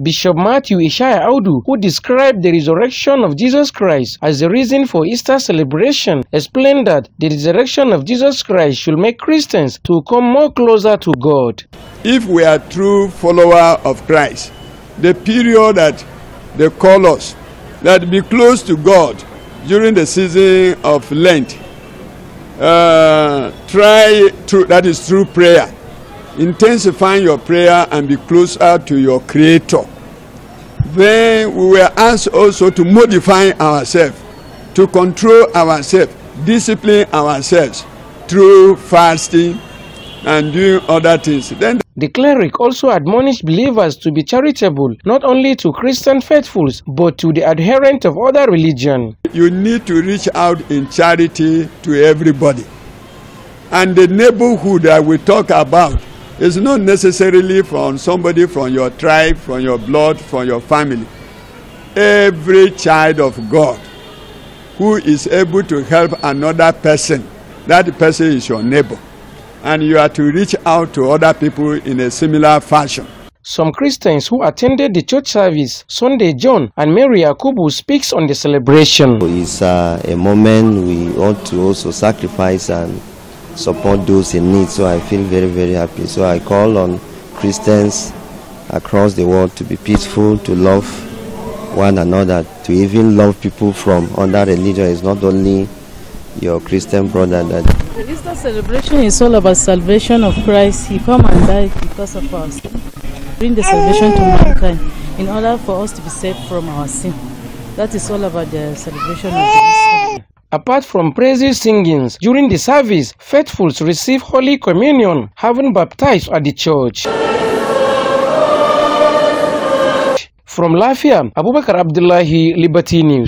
Bishop Matthew Ishaya Audu, who described the resurrection of Jesus Christ as the reason for Easter celebration, explained that the resurrection of Jesus Christ should make Christians to come more closer to God. If we are true follower of Christ, the period that they call us, that be close to God during the season of Lent, uh, try to, that is through prayer intensify your prayer and be closer to your creator then we were asked also to modify ourselves to control ourselves discipline ourselves through fasting and doing other things then the cleric also admonished believers to be charitable not only to Christian faithfuls but to the adherents of other religion. You need to reach out in charity to everybody. And the neighborhood that we talk about it's not necessarily from somebody from your tribe, from your blood, from your family. Every child of God who is able to help another person, that person is your neighbor. And you are to reach out to other people in a similar fashion. Some Christians who attended the church service Sunday, John and Mary Akubu speaks on the celebration. It's uh, a moment we ought to also sacrifice and support those in need. So I feel very, very happy. So I call on Christians across the world to be peaceful, to love one another, to even love people from other religion. It's not only your Christian brother that. The Easter celebration is all about salvation of Christ. He come and died because of us. Bring the salvation to mankind in order for us to be saved from our sin. That is all about the celebration of Easter. Apart from praises singings, during the service, faithfuls receive Holy Communion, having baptized at the church. From Lafia, Abubakar Abdullahi, Liberty News.